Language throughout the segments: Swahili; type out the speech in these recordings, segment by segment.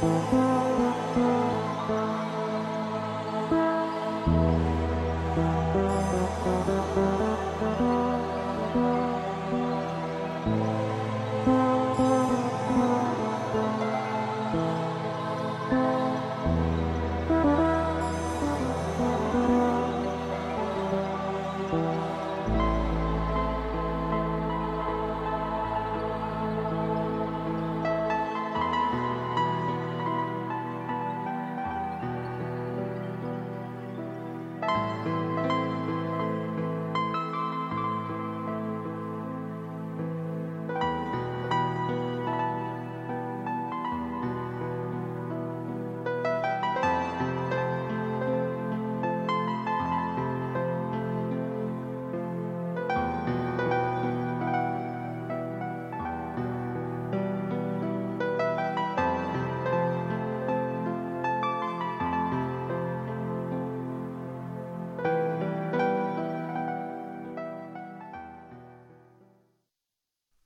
Thank you.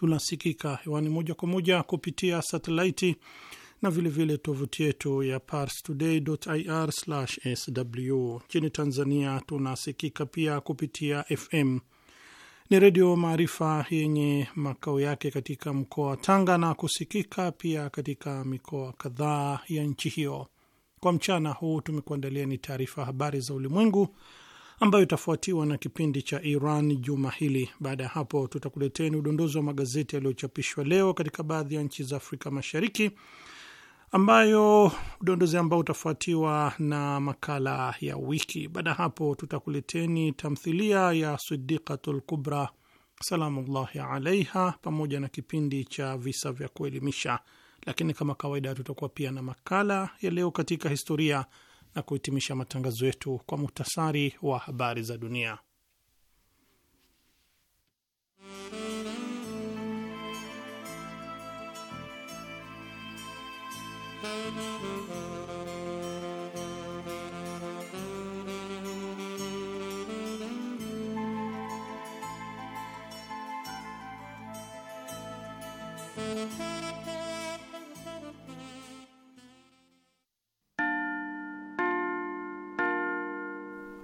Tunasikika hewani moja kwa moja kupitia satelaiti na vilevile tovuti yetu ya parstoday.ir/sw. Nchini Tanzania tunasikika pia kupitia FM ni Redio Maarifa yenye makao yake katika mkoa wa Tanga na kusikika pia katika mikoa kadhaa ya nchi hiyo. Kwa mchana huu tumekuandalia ni taarifa habari za ulimwengu ambayo itafuatiwa na kipindi cha Iran juma hili. Baada ya hapo, tutakuleteni udondozi wa magazeti yaliyochapishwa leo katika baadhi ya nchi za Afrika Mashariki, ambayo udondozi ambao utafuatiwa na makala ya wiki. Baada ya hapo, tutakuleteni tamthilia ya Sidiqatul Kubra salamullahi alaiha, pamoja na kipindi cha visa vya kuelimisha. Lakini kama kawaida, tutakuwa pia na makala ya leo katika historia na kuhitimisha matangazo yetu kwa muhtasari wa habari za dunia.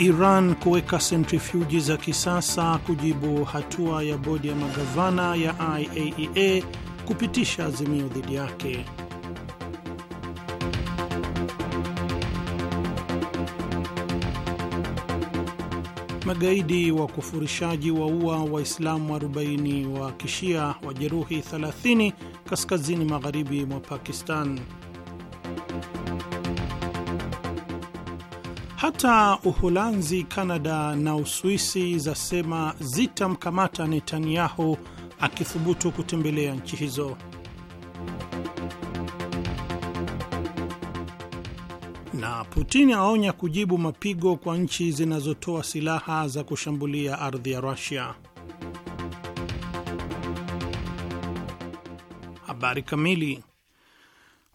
Iran kuweka sentrifuji za kisasa kujibu hatua ya bodi ya magavana ya IAEA e kupitisha azimio dhidi yake. Magaidi wa kufurishaji waua Waislamu 40 wa Kishia, wajeruhi 30 kaskazini magharibi mwa Pakistan. Hata Uholanzi, Kanada na Uswisi zasema zitamkamata Netanyahu akithubutu kutembelea nchi hizo. Na Putin aonya kujibu mapigo kwa nchi zinazotoa silaha za kushambulia ardhi ya Rusia. Habari kamili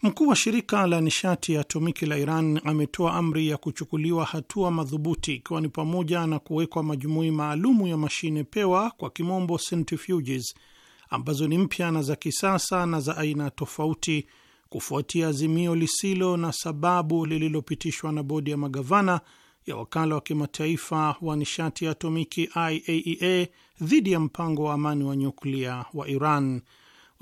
Mkuu wa shirika la nishati ya atomiki la Iran ametoa amri ya kuchukuliwa hatua madhubuti ikiwa ni pamoja na kuwekwa majumui maalumu ya mashine pewa kwa kimombo centrifuges, ambazo ni mpya na za kisasa na za aina tofauti kufuatia azimio lisilo na sababu lililopitishwa na bodi ya magavana ya wakala wa kimataifa wa nishati ya atomiki IAEA e dhidi ya mpango wa amani wa nyuklia wa Iran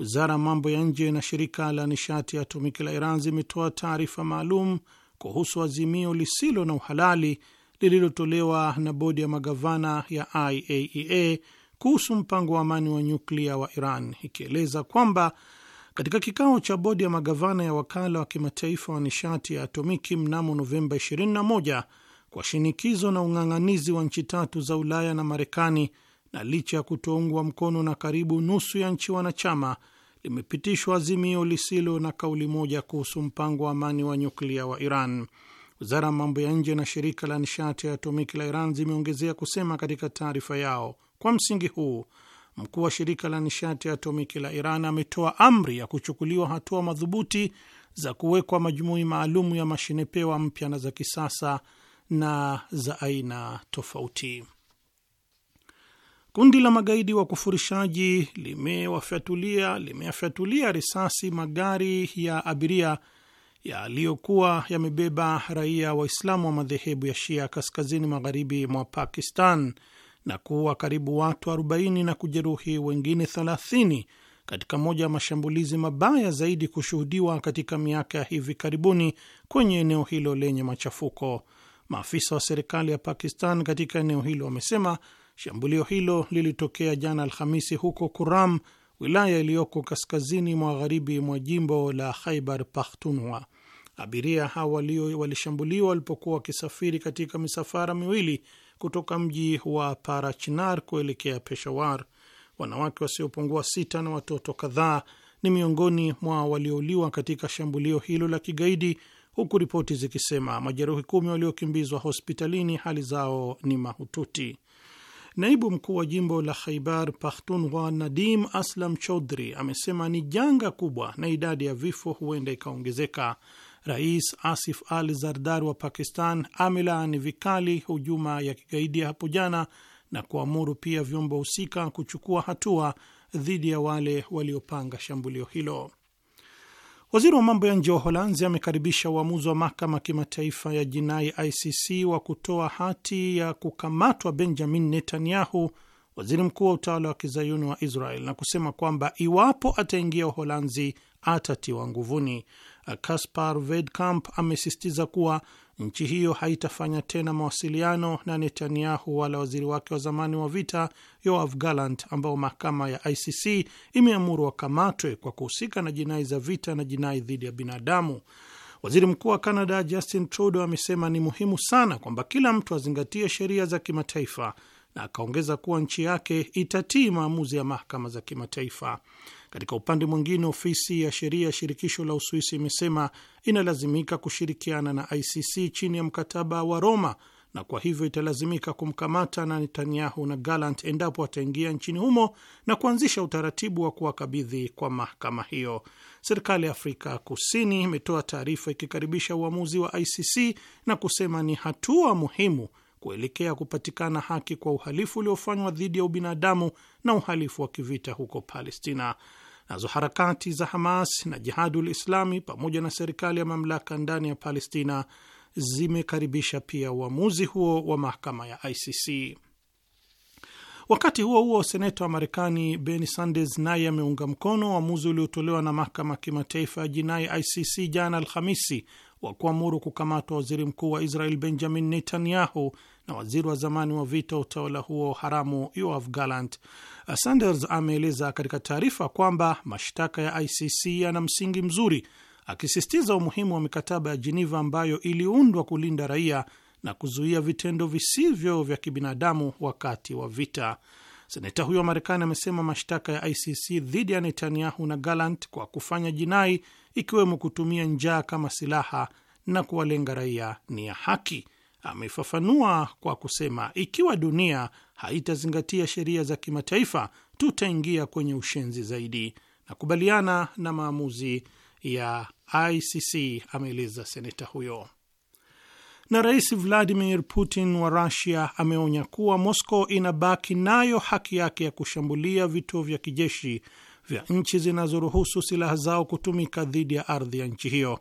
Wizara ya mambo ya nje na shirika la nishati ya atomiki la Iran zimetoa taarifa maalum kuhusu azimio lisilo na uhalali lililotolewa na bodi ya magavana ya IAEA e kuhusu mpango wa amani wa nyuklia wa Iran, ikieleza kwamba katika kikao cha bodi ya magavana ya wakala wa kimataifa wa nishati ya atomiki mnamo Novemba 21 kwa shinikizo na ung'ang'anizi wa nchi tatu za Ulaya na Marekani na licha ya kutoungwa mkono na karibu nusu ya nchi wanachama, limepitishwa azimio lisilo na kauli moja kuhusu mpango wa amani wa nyuklia wa Iran. Wizara ya mambo ya nje na shirika la nishati ya atomiki la Iran zimeongezea kusema katika taarifa yao, kwa msingi huu mkuu wa shirika la nishati ya atomiki la Iran ametoa amri ya kuchukuliwa hatua madhubuti za kuwekwa majumui maalum ya mashine pewa mpya na za kisasa na za aina tofauti. Kundi la magaidi kufurishaji limewafyatulia limeyafyatulia risasi magari ya abiria yaliyokuwa yamebeba raia Waislamu wa, wa madhehebu ya Shia kaskazini magharibi mwa Pakistan na kuua karibu watu 40 na kujeruhi wengine 30 katika moja ya mashambulizi mabaya zaidi kushuhudiwa katika miaka ya hivi karibuni kwenye eneo hilo lenye machafuko. Maafisa wa serikali ya Pakistan katika eneo hilo wamesema Shambulio hilo lilitokea jana Alhamisi huko Kuram, wilaya iliyoko kaskazini magharibi mwa jimbo la Khaibar Pakhtunwa. Abiria hawa walishambuliwa walipokuwa wakisafiri katika misafara miwili kutoka mji wa Parachinar kuelekea Peshawar. Wanawake wasiopungua sita na watoto kadhaa ni miongoni mwa waliouliwa katika shambulio hilo la kigaidi, huku ripoti zikisema majeruhi kumi waliokimbizwa hospitalini hali zao ni mahututi. Naibu mkuu wa jimbo la Khaibar Pakhtunwa Nadim Aslam Chaudhry amesema ni janga kubwa na idadi ya vifo huenda ikaongezeka. Rais Asif Ali zardar wa Pakistan amelaani vikali hujuma ya kigaidi ya hapo jana na kuamuru pia vyombo husika kuchukua hatua dhidi ya wale waliopanga shambulio hilo. Waziri wa mambo ya nje wa Holanzi amekaribisha uamuzi wa mahakama kimataifa ya jinai ICC wa kutoa hati ya kukamatwa Benjamin Netanyahu, waziri mkuu wa utawala wa kizayuni wa Israel, na kusema kwamba iwapo ataingia Uholanzi atatiwa nguvuni. kaspar Veldkamp amesisitiza kuwa nchi hiyo haitafanya tena mawasiliano na Netanyahu wala waziri wake wa zamani wa vita Yoav Gallant, ambao mahakama ya ICC imeamuru wakamatwe kwa kuhusika na jinai za vita na jinai dhidi ya binadamu. Waziri mkuu wa Canada Justin Trudeau amesema ni muhimu sana kwamba kila mtu azingatie sheria za kimataifa na akaongeza kuwa nchi yake itatii maamuzi ya mahakama za kimataifa. Katika upande mwingine, ofisi ya sheria ya shirikisho la Uswisi imesema inalazimika kushirikiana na ICC chini ya mkataba wa Roma na kwa hivyo italazimika kumkamata na Netanyahu na Gallant endapo ataingia nchini humo na kuanzisha utaratibu wa kuwakabidhi kwa mahakama hiyo. Serikali ya Afrika Kusini imetoa taarifa ikikaribisha uamuzi wa ICC na kusema ni hatua muhimu kuelekea kupatikana haki kwa uhalifu uliofanywa dhidi ya ubinadamu na uhalifu wa kivita huko Palestina. Nazo harakati za Hamas na Jihadul Islami pamoja na serikali ya mamlaka ndani ya Palestina zimekaribisha pia uamuzi huo wa mahakama ya ICC. Wakati huo huo, seneta wa Marekani Bernie Sanders naye ameunga mkono uamuzi uliotolewa na mahakama ya kimataifa ya jinai ICC jana Alhamisi wa kuamuru kukamatwa waziri mkuu wa Israel Benjamin Netanyahu na waziri wa zamani wa vita utawala huo haramu Yoav Gallant. Uh, Sanders ameeleza katika taarifa kwamba mashtaka ya ICC yana msingi mzuri, akisisitiza umuhimu wa mikataba ya Jeneva ambayo iliundwa kulinda raia na kuzuia vitendo visivyo vya kibinadamu wakati wa vita. Seneta huyo wa Marekani amesema mashtaka ya ICC dhidi ya Netanyahu na Gallant kwa kufanya jinai ikiwemo kutumia njaa kama silaha na kuwalenga raia ni ya haki. Amefafanua kwa kusema, ikiwa dunia haitazingatia sheria za kimataifa, tutaingia kwenye ushenzi zaidi. Nakubaliana na maamuzi ya ICC, ameeleza seneta huyo. Na Rais Vladimir Putin wa Rusia ameonya kuwa Moscow inabaki nayo haki yake ya kushambulia vituo vya kijeshi vya nchi zinazoruhusu silaha zao kutumika dhidi ya ardhi ya nchi hiyo.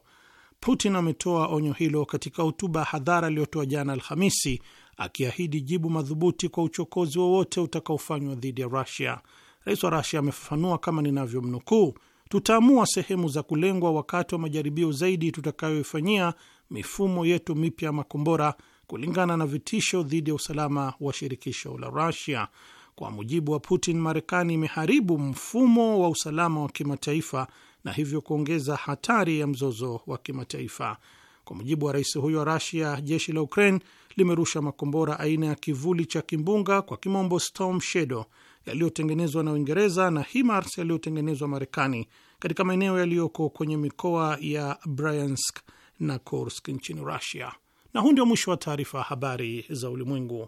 Putin ametoa onyo hilo katika hotuba ya hadhara aliyotoa jana Alhamisi, akiahidi jibu madhubuti kwa uchokozi wowote utakaofanywa dhidi ya Rusia. Rais wa Rusia amefafanua kama ninavyomnukuu, tutaamua sehemu za kulengwa wakati wa majaribio zaidi tutakayoifanyia mifumo yetu mipya ya makombora kulingana na vitisho dhidi ya usalama wa shirikisho la Rusia. Kwa mujibu wa Putin, Marekani imeharibu mfumo wa usalama wa kimataifa na hivyo kuongeza hatari ya mzozo wa kimataifa. Kwa mujibu wa rais huyo wa Rasia, jeshi la Ukraine limerusha makombora aina ya kivuli cha kimbunga, kwa kimombo Storm Shadow, yaliyotengenezwa na Uingereza na HIMARS yaliyotengenezwa Marekani katika maeneo yaliyoko kwenye mikoa ya Bryansk na Kursk nchini Rusia. Na huu ndio mwisho wa taarifa ya habari za ulimwengu.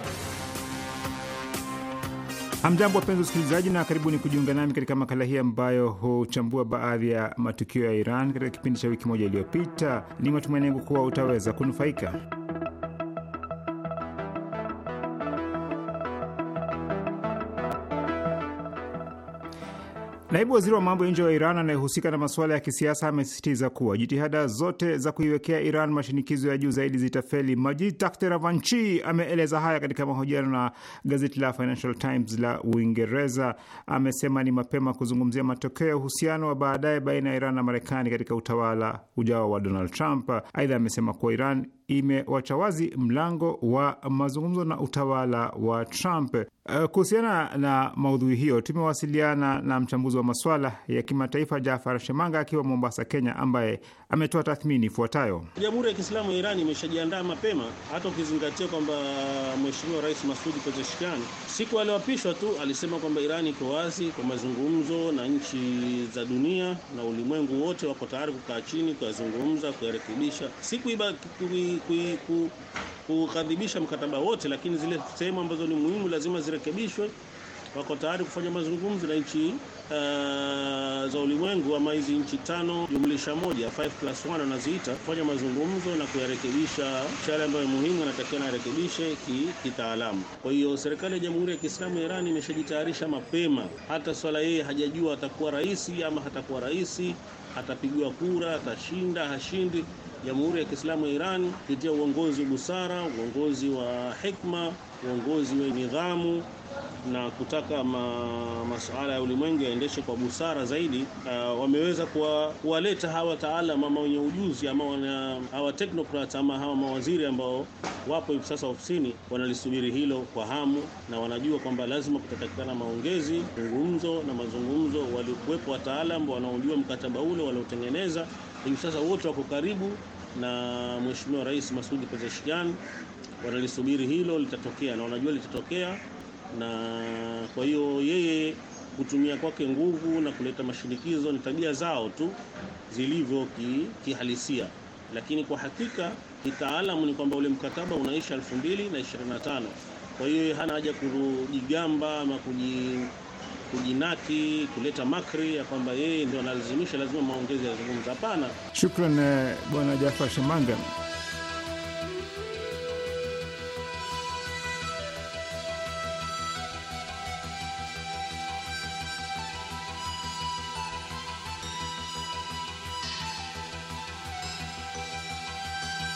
Hamjambo, wapenzi wasikilizaji, na karibuni kujiunga nami katika makala hii ambayo huchambua baadhi ya matukio ya Iran katika kipindi cha wiki moja iliyopita. Ni matumaini yangu kuwa utaweza kunufaika. Naibu waziri wa mambo ya nje wa Iran anayehusika na masuala ya kisiasa amesisitiza kuwa jitihada zote za kuiwekea Iran mashinikizo ya juu zaidi zitafeli. Majid ameeleza haya katika mahojiano na gazeti la Financial Times la Uingereza. Amesema ni mapema kuzungumzia matokeo ya uhusiano wa baadaye baina ya Iran na Marekani katika utawala ujao wa Donald Trump. Aidha amesema kuwa Iran imewacha wazi mlango wa mazungumzo na utawala wa Trump. Eh, kuhusiana na maudhui hiyo, tumewasiliana na mchambuzi wa maswala ya kimataifa Jafar Shemanga akiwa Mombasa, Kenya, ambaye ametoa tathmini ifuatayo. Jamhuri ya Kiislamu ya Iran imeshajiandaa mapema, hata ukizingatia kwamba Mheshimiwa Rais Masudi Pezeshkian siku aliyoapishwa tu alisema kwamba Iran iko wazi kwa mazungumzo na nchi za dunia na ulimwengu wote, wako tayari kukaa chini kuyazungumza, kuyarekebisha. Siku kukadhibisha ku, ku, mkataba wote, lakini zile sehemu ambazo ni muhimu lazima zirekebishwe. Wako tayari kufanya mazungumzo na nchi uh, za ulimwengu ama hizi nchi tano jumlisha moja 5 plus 1 wanaziita, kufanya mazungumzo na kuyarekebisha shale ambayo muhimu anatakiwa nayarekebishe kitaalamu. Kwa hiyo serikali ya Jamhuri ya Kiislamu ya Iran imeshajitayarisha mapema, hata swala yeye hajajua atakuwa rais ama hatakuwa rais, atapigiwa kura, atashinda hashindi Jamhuri ya Kiislamu ya Iran kupitia uongozi wa busara, uongozi wa hikma, uongozi wa nidhamu na kutaka ma, masuala ya ulimwengu yaendeshe kwa busara zaidi. Uh, wameweza kuwaleta hawa wataalam ama wenye ujuzi ama wana, hawa technocrats ama hawa mawaziri ambao wapo hivi sasa ofisini wanalisubiri hilo kwa hamu, na wanajua kwamba lazima kutatakikana maongezi, mazungumzo na mazungumzo, walikuwepo wataalamu wanaojua mkataba ule waliotengeneza hivi sasa wote wako karibu na Mheshimiwa Rais Masudi Pezeshkian, wanalisubiri hilo litatokea, na wanajua litatokea, na kwa hiyo yeye kutumia kwake nguvu na kuleta mashinikizo ni tabia zao tu zilivyo kihalisia ki, lakini kwa hakika kitaalamu ni kwamba ule mkataba unaisha 2025 kwa hiyo hana haja kujigamba ama kuji kujinaki kuleta makri ya kwamba yeye ndio analazimisha, lazima maongezi yazungumza. Hapana. Shukran eh, Bwana Jafar Shimanga.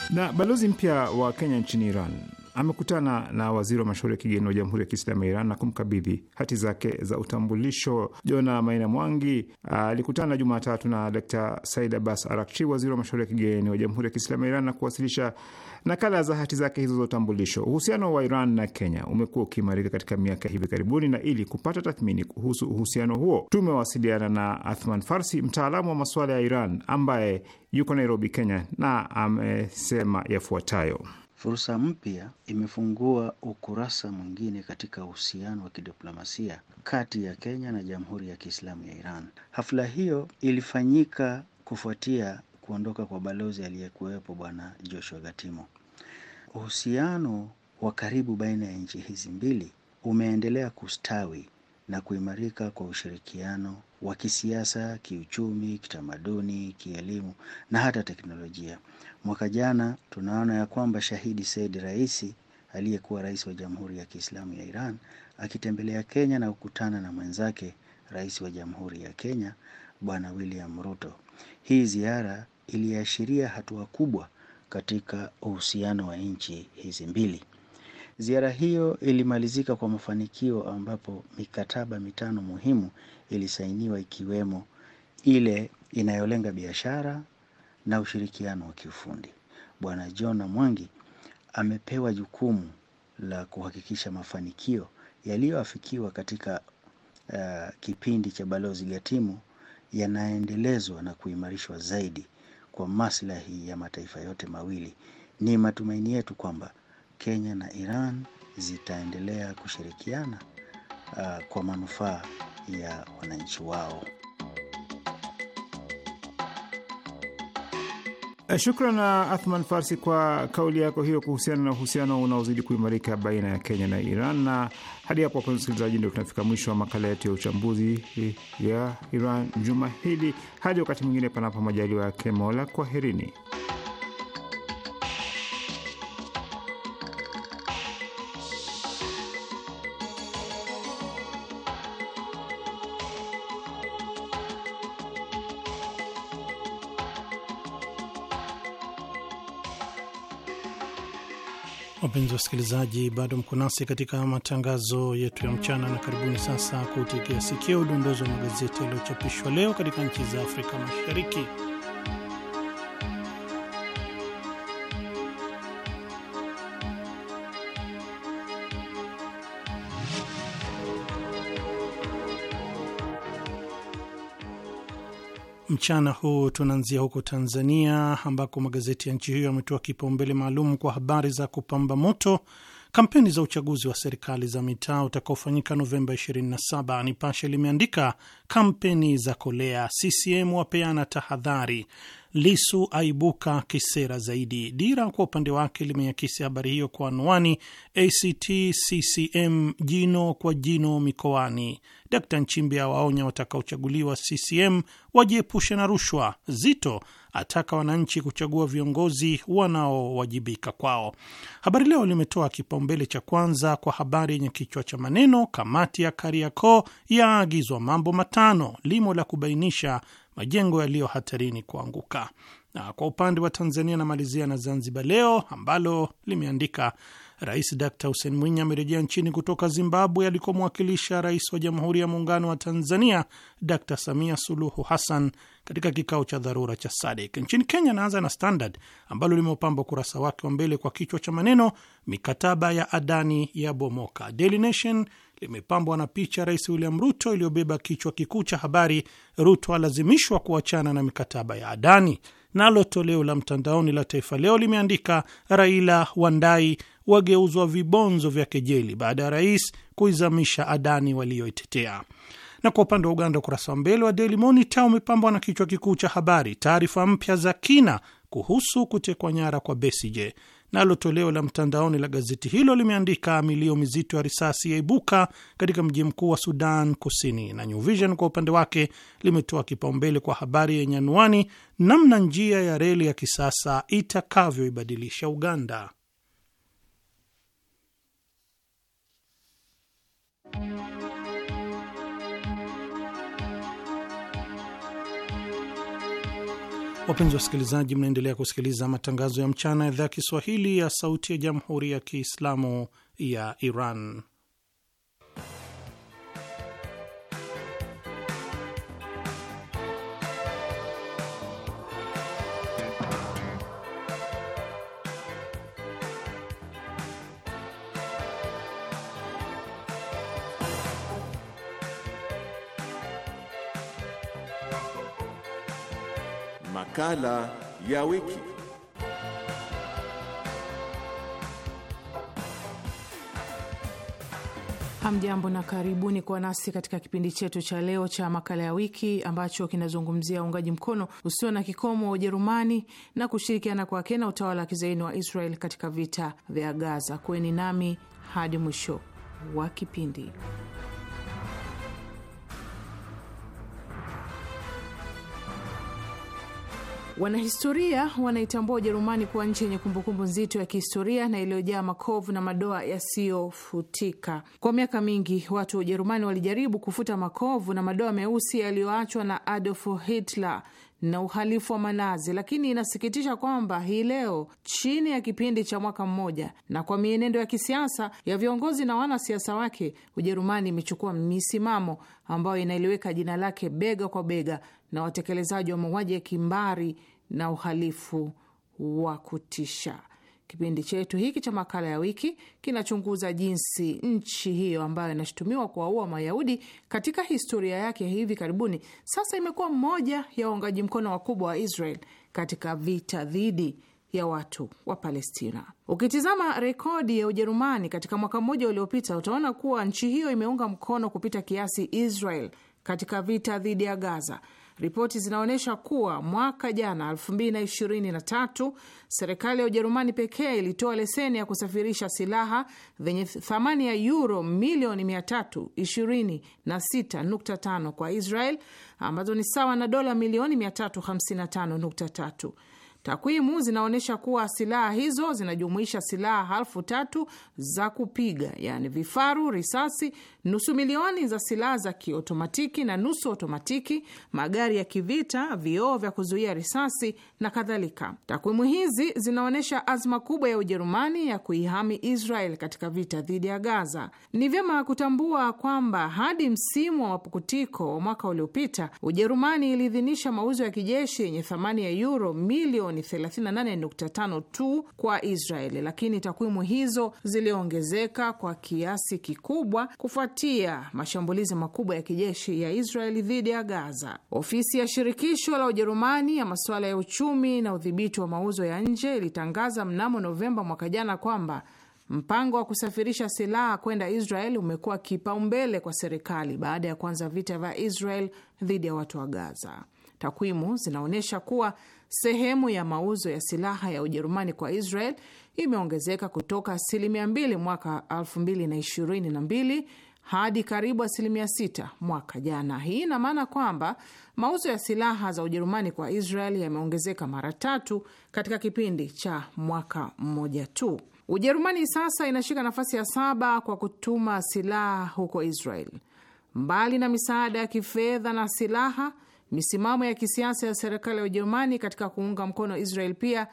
Na balozi mpya wa Kenya nchini Iran amekutana na waziri wa mashauri ya kigeni wa Jamhuri ya Kiislamu ya Iran na kumkabidhi hati zake za utambulisho. Jona Maina Mwangi ah, alikutana Jumatatu na Dkt Said Abbas Arakchi, waziri wa mashauri ya kigeni wa Jamhuri ya Kiislamu ya Iran, na kuwasilisha nakala za hati zake hizo za utambulisho. Uhusiano wa Iran na Kenya umekuwa ukiimarika katika miaka hivi karibuni, na ili kupata tathmini kuhusu uhusiano huo tumewasiliana na Athman Farsi, mtaalamu wa masuala ya Iran ambaye yuko Nairobi, Kenya, na amesema yafuatayo. Fursa mpya imefungua ukurasa mwingine katika uhusiano wa kidiplomasia kati ya Kenya na Jamhuri ya Kiislamu ya Iran. Hafla hiyo ilifanyika kufuatia kuondoka kwa balozi aliyekuwepo Bwana Joshua Gatimo. Uhusiano wa karibu baina ya nchi hizi mbili umeendelea kustawi na kuimarika kwa ushirikiano wa kisiasa, kiuchumi, kitamaduni, kielimu na hata teknolojia. Mwaka jana tunaona ya kwamba Shahidi Said Raisi aliyekuwa rais wa Jamhuri ya Kiislamu ya Iran akitembelea Kenya na kukutana na mwenzake rais wa Jamhuri ya Kenya Bwana William Ruto. Hii ziara iliashiria hatua kubwa katika uhusiano wa nchi hizi mbili. Ziara hiyo ilimalizika kwa mafanikio ambapo mikataba mitano muhimu ilisainiwa ikiwemo ile inayolenga biashara, na ushirikiano wa kiufundi. Bwana John Mwangi amepewa jukumu la kuhakikisha mafanikio yaliyoafikiwa katika uh, kipindi cha Balozi Gatimu yanaendelezwa na kuimarishwa zaidi kwa maslahi ya mataifa yote mawili. Ni matumaini yetu kwamba Kenya na Iran zitaendelea kushirikiana uh, kwa manufaa ya wananchi wao. Eh, shukran eh, Athman Farsi kwa kauli yako hiyo kuhusiana na uhusiano unaozidi kuimarika baina ya Kenya na Iran. Na hadi hapo, wapenzi msikilizaji, ndio tunafika mwisho wa makala yetu ya uchambuzi eh, ya Iran juma hili. Hadi wakati mwingine, panapo majaliwa yake Mola, kwaherini. wapenzi wasikilizaji, bado mko nasi katika matangazo yetu ya mchana, na karibuni sasa kutegea sikio udondozi wa magazeti yaliyochapishwa leo katika nchi za Afrika Mashariki. Mchana huu tunaanzia huko Tanzania ambako magazeti ya nchi hiyo yametoa kipaumbele maalum kwa habari za kupamba moto kampeni za uchaguzi wa serikali za mitaa utakaofanyika Novemba 27. Nipashe limeandika kampeni za kolea, CCM wapeana tahadhari, Lisu aibuka kisera zaidi. Dira kwa upande wake limeakisi habari hiyo kwa anwani ACT CCM jino kwa jino mikoani. Dkt Nchimbi awaonya watakaochaguliwa CCM wajiepushe na rushwa. Zito ataka wananchi kuchagua viongozi wanaowajibika kwao. Habari Leo limetoa kipaumbele cha kwanza kwa habari yenye kichwa cha maneno kamati ya Kariakoo yaagizwa mambo matano, limo la kubainisha majengo yaliyo hatarini kuanguka. Na kwa upande wa Tanzania namalizia na Zanzibar Leo ambalo limeandika Rais Dkt Hussein Mwinyi amerejea nchini kutoka Zimbabwe alikomwakilisha Rais wa Jamhuri ya Muungano wa Tanzania Dkt Samia Suluhu Hassan katika kikao cha dharura cha SADC. Nchini Kenya anaanza na Standard ambalo limeupamba ukurasa wake wa mbele kwa kichwa cha maneno mikataba ya Adani ya bomoka. Daily Nation limepambwa na picha Rais William Ruto iliyobeba kichwa kikuu cha habari, Ruto alazimishwa kuachana na mikataba ya Adani. Nalo toleo la mtandaoni la Taifa Leo limeandika Raila Wandai wageuzwa vibonzo vya kejeli baada ya rais kuizamisha Adani walioitetea. Na kwa upande wa Uganda, ukurasa wa mbele wa Daily Monitor umepambwa na kichwa kikuu cha habari, taarifa mpya za kina kuhusu kutekwa nyara kwa Besigye. Nalo toleo la mtandaoni la gazeti hilo limeandika milio mizito ya risasi yaibuka katika mji mkuu wa Sudan Kusini, na New Vision kwa upande wake limetoa kipaumbele kwa habari yenye anwani, namna njia ya reli ya kisasa itakavyoibadilisha Uganda. Wapenzi wasikilizaji, mnaendelea kusikiliza matangazo ya mchana ya idhaa ya Kiswahili ya Sauti ya Jamhuri ya Kiislamu ya Iran. Makala ya wiki. Hamjambo na karibuni kwa nasi katika kipindi chetu cha leo cha makala ya wiki ambacho kinazungumzia uungaji mkono usio na kikomo wa Ujerumani na kushirikiana kwake na utawala wa kizaini wa Israel katika vita vya Gaza. Kuweni nami hadi mwisho wa kipindi. Wanahistoria wanaitambua Ujerumani kuwa nchi yenye kumbukumbu nzito ya kihistoria na iliyojaa makovu na madoa yasiyofutika. Kwa miaka mingi, watu wa Ujerumani walijaribu kufuta makovu na madoa meusi yaliyoachwa na Adolf Hitler na uhalifu wa Manazi, lakini inasikitisha kwamba hii leo chini ya kipindi cha mwaka mmoja na kwa mienendo ya kisiasa ya viongozi na wanasiasa wake, Ujerumani imechukua misimamo ambayo inaliweka jina lake bega kwa bega na watekelezaji wa mauaji ya kimbari na uhalifu wa kutisha. Kipindi chetu hiki cha makala ya wiki kinachunguza jinsi nchi hiyo ambayo inashutumiwa kuwaua Mayahudi katika historia yake hivi karibuni, sasa imekuwa mmoja ya waungaji mkono wakubwa wa Israel katika vita dhidi ya watu wa Palestina. Ukitizama rekodi ya Ujerumani katika mwaka mmoja uliopita, utaona kuwa nchi hiyo imeunga mkono kupita kiasi Israel katika vita dhidi ya Gaza Ripoti zinaonyesha kuwa mwaka jana 2023 serikali ya Ujerumani pekee ilitoa leseni ya kusafirisha silaha zenye thamani ya yuro milioni 326.5 kwa Israel ambazo ni sawa na dola milioni 355.3. Takwimu zinaonyesha kuwa silaha hizo zinajumuisha silaha elfu tatu za kupiga, yani vifaru, risasi, nusu milioni za silaha za kiotomatiki na nusu otomatiki, magari ya kivita, vioo vya kuzuia risasi na kadhalika. Takwimu hizi zinaonyesha azma kubwa ya Ujerumani ya kuihami Israel katika vita dhidi ya Gaza. Ni vyema kutambua kwamba hadi msimu wa mapukutiko wa mwaka uliopita, Ujerumani iliidhinisha mauzo ya kijeshi yenye thamani ya euro milioni ni 38.5 tu kwa Israeli, lakini takwimu hizo ziliongezeka kwa kiasi kikubwa kufuatia mashambulizi makubwa ya kijeshi ya Israeli dhidi ya Gaza. Ofisi ya shirikisho la Ujerumani ya masuala ya uchumi na udhibiti wa mauzo ya nje ilitangaza mnamo Novemba mwaka jana kwamba mpango wa kusafirisha silaha kwenda Israel umekuwa kipaumbele kwa serikali baada ya kuanza vita vya Israel dhidi ya watu wa Gaza. Takwimu zinaonyesha kuwa Sehemu ya mauzo ya silaha ya Ujerumani kwa Israel imeongezeka kutoka asilimia 2 mwaka 2022 hadi karibu asilimia 6 mwaka jana. Hii ina maana kwamba mauzo ya silaha za Ujerumani kwa Israel yameongezeka mara tatu katika kipindi cha mwaka mmoja tu. Ujerumani sasa inashika nafasi ya saba kwa kutuma silaha huko Israel. Mbali na misaada ya kifedha na silaha Misimamo ya kisiasa ya serikali ya Ujerumani katika kuunga mkono Israel pia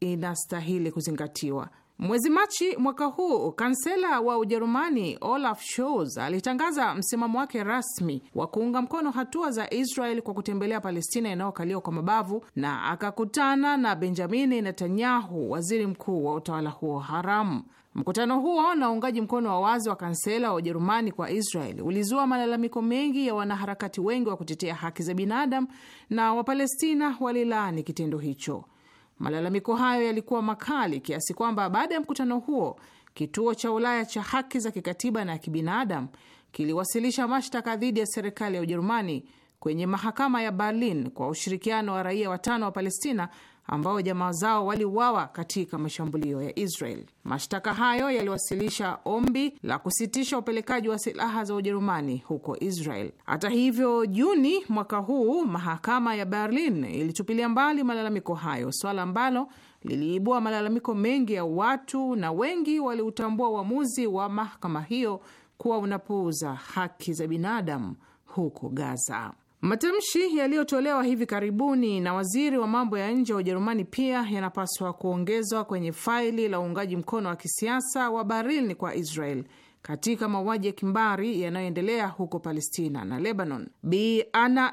inastahili kuzingatiwa. Mwezi Machi mwaka huu kansela wa Ujerumani Olaf Scholz alitangaza msimamo wake rasmi wa kuunga mkono hatua za Israel kwa kutembelea Palestina inayokaliwa kwa mabavu na akakutana na Benjamini Netanyahu, waziri mkuu wa utawala huo haramu. Mkutano huo na uungaji mkono wa wazi wa kansela wa Ujerumani kwa Israel ulizua malalamiko mengi ya wanaharakati wengi wa kutetea haki za binadamu na Wapalestina walilaani kitendo hicho. Malalamiko hayo yalikuwa makali kiasi kwamba baada ya mkutano huo kituo cha Ulaya cha haki za kikatiba na kibinadamu kiliwasilisha mashtaka dhidi ya serikali ya Ujerumani kwenye mahakama ya Berlin kwa ushirikiano wa raia watano wa Palestina ambao jamaa zao waliuawa katika mashambulio ya Israel. Mashtaka hayo yaliwasilisha ombi la kusitisha upelekaji wa silaha za Ujerumani huko Israel. Hata hivyo, Juni mwaka huu mahakama ya Berlin ilitupilia mbali malalamiko hayo, swala ambalo liliibua malalamiko mengi ya watu, na wengi waliutambua uamuzi wa mahakama hiyo kuwa unapuuza haki za binadamu huko Gaza. Matamshi yaliyotolewa hivi karibuni na waziri wa mambo ya nje wa Ujerumani pia yanapaswa kuongezwa kwenye faili la uungaji mkono wa kisiasa wa Berlin kwa Israel katika mauaji ya kimbari yanayoendelea huko Palestina na Lebanon. Bi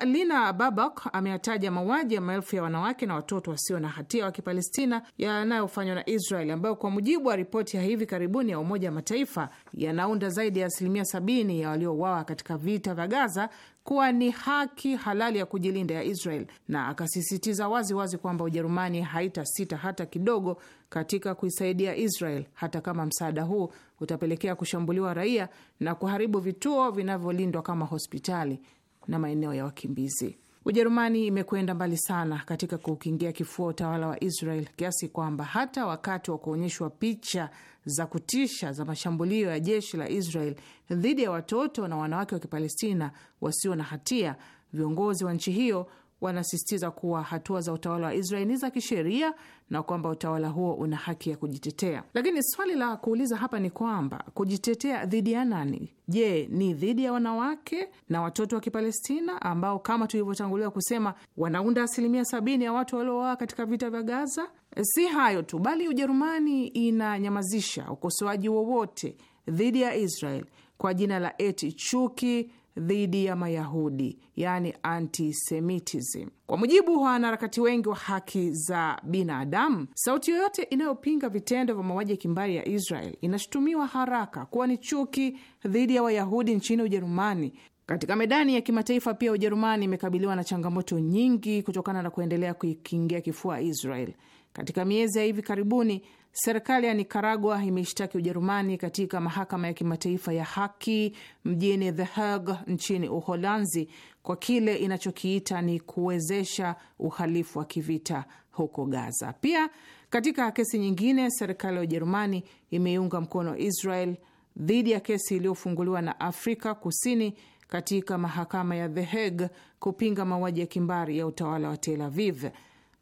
lina Babak ameyataja mauaji ya maelfu ya wanawake na watoto wasio na hatia wa Kipalestina yanayofanywa na Israel, ambayo kwa mujibu wa ripoti ya hivi karibuni ya Umoja wa Mataifa yanaunda zaidi ya asilimia sabini ya waliouawa katika vita vya Gaza kuwa ni haki halali ya kujilinda ya Israel, na akasisitiza wazi wazi kwamba Ujerumani haitasita hata kidogo katika kuisaidia Israel hata kama msaada huu utapelekea kushambuliwa raia na kuharibu vituo vinavyolindwa kama hospitali na maeneo ya wakimbizi. Ujerumani imekwenda mbali sana katika kuukingia kifua utawala wa Israel kiasi kwamba hata wakati wa kuonyeshwa picha za kutisha za mashambulio ya jeshi la Israel dhidi ya watoto na wanawake wa Kipalestina wasio na hatia, viongozi wa nchi hiyo wanasisitiza kuwa hatua za utawala wa Israel ni za kisheria na kwamba utawala huo una haki ya kujitetea. Lakini swali la kuuliza hapa ni kwamba kujitetea dhidi ya nani? Je, ni dhidi ya wanawake na watoto wa Kipalestina ambao kama tulivyotangulia kusema wanaunda asilimia sabini ya watu waliouawa katika vita vya Gaza? Si hayo tu, bali Ujerumani inanyamazisha ukosoaji wowote dhidi ya Israel kwa jina la eti chuki dhidi ya Mayahudi, yani antisemitism. Kwa mujibu wa wanaharakati wengi wa haki za binadamu, sauti yoyote inayopinga vitendo vya mauaji ya kimbari ya Israel inashutumiwa haraka kuwa ni chuki dhidi ya Wayahudi nchini Ujerumani. Katika medani ya kimataifa pia, Ujerumani imekabiliwa na changamoto nyingi kutokana na kuendelea kuikingia kifua Israel. Katika miezi ya hivi karibuni Serikali ya Nikaragua imeishtaki Ujerumani katika mahakama ya kimataifa ya haki mjini The Hague nchini Uholanzi kwa kile inachokiita ni kuwezesha uhalifu wa kivita huko Gaza. Pia katika kesi nyingine, serikali ya Ujerumani imeiunga mkono Israel dhidi ya kesi iliyofunguliwa na Afrika Kusini katika mahakama ya The Hague kupinga mauaji ya kimbari ya utawala wa Tel Aviv.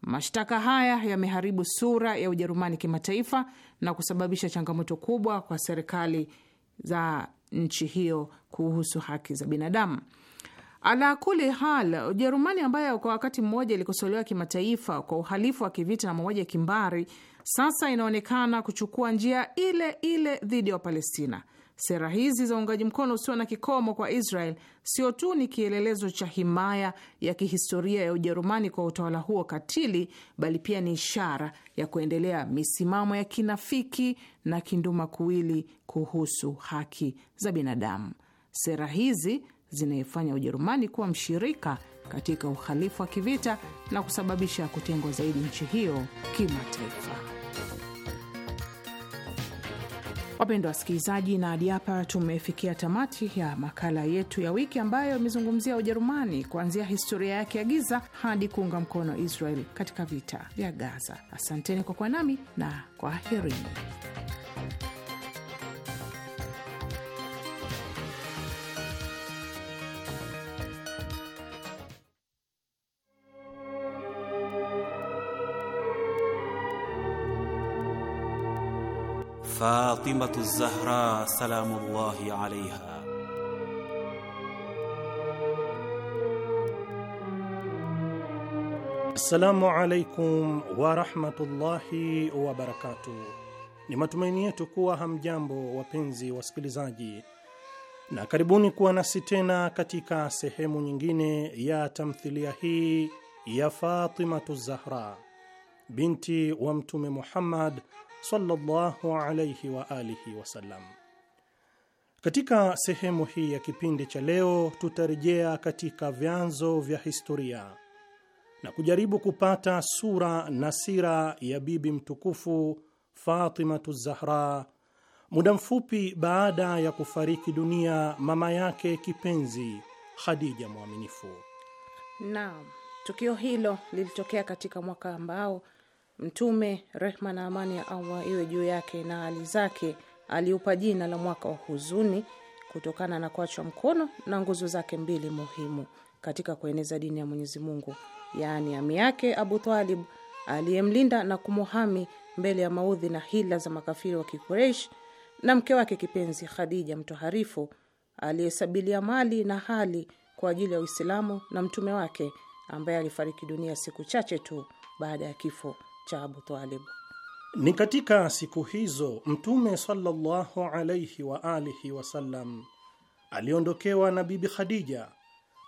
Mashtaka haya yameharibu sura ya Ujerumani kimataifa na kusababisha changamoto kubwa kwa serikali za nchi hiyo kuhusu haki za binadamu. Ala kuli hal, Ujerumani ambayo kwa wakati mmoja ilikosolewa kimataifa kwa uhalifu wa kivita na mauaji ya kimbari sasa inaonekana kuchukua njia ile ile dhidi ya Wapalestina. Sera hizi za uungaji mkono usio na kikomo kwa Israel sio tu ni kielelezo cha himaya ya kihistoria ya Ujerumani kwa utawala huo katili, bali pia ni ishara ya kuendelea misimamo ya kinafiki na kinduma kuwili kuhusu haki za binadamu. Sera hizi zinaifanya Ujerumani kuwa mshirika katika uhalifu wa kivita na kusababisha kutengwa zaidi nchi hiyo kimataifa. Wapendwa wasikilizaji, na hadi hapa tumefikia tamati ya makala yetu ya wiki ambayo imezungumzia Ujerumani kuanzia historia yake ya giza hadi kuunga mkono israel katika vita vya Gaza. Asanteni kwa kuwa nami na kwaherini. فاطمة الزهراء سلام الله عليها Assalamu alaikum warahmatullahi wabarakatuh. Ni matumaini yetu kuwa hamjambo wapenzi wasikilizaji, na karibuni kuwa nasi tena katika sehemu nyingine ya tamthilia hii ya Fatimatu Zahra binti wa Mtume Muhammad sallallahu alayhi wa alihi wasallam. Katika sehemu hii ya kipindi cha leo tutarejea katika vyanzo vya historia na kujaribu kupata sura na sira ya bibi mtukufu Fatimatu Zahra, muda mfupi baada ya kufariki dunia mama yake kipenzi Khadija mwaminifu. Naam, tukio hilo lilitokea katika mwaka ambao Mtume, rehma na amani ya Allah iwe juu yake na hali zake, aliupa jina la mwaka wa huzuni kutokana na kuachwa mkono na nguzo zake mbili muhimu katika kueneza dini ya Mwenyezi Mungu, yaani ami yake Abu Talib aliyemlinda na kumuhami mbele ya maudhi na hila za makafiri wa Kikureish, na mke wake kipenzi Khadija mtoharifu aliyesabilia mali na hali kwa ajili ya Uislamu na mtume wake ambaye alifariki dunia siku chache tu baada ya kifo cha Abu Talib. Ni katika siku hizo Mtume sallallahu alaihi wa alihi wasallam aliondokewa na Bibi Khadija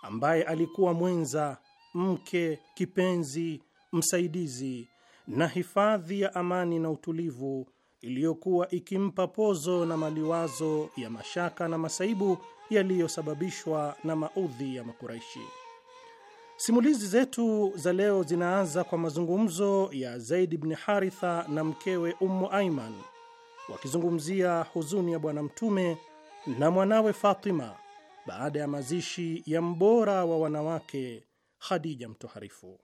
ambaye alikuwa mwenza, mke, kipenzi, msaidizi na hifadhi ya amani na utulivu iliyokuwa ikimpa pozo na maliwazo ya mashaka na masaibu yaliyosababishwa na maudhi ya Makuraishi. Simulizi zetu za leo zinaanza kwa mazungumzo ya Zaid bni Haritha na mkewe Ummu Aiman wakizungumzia huzuni ya Bwana Mtume na mwanawe Fatima baada ya mazishi ya mbora wa wanawake Khadija mtoharifu.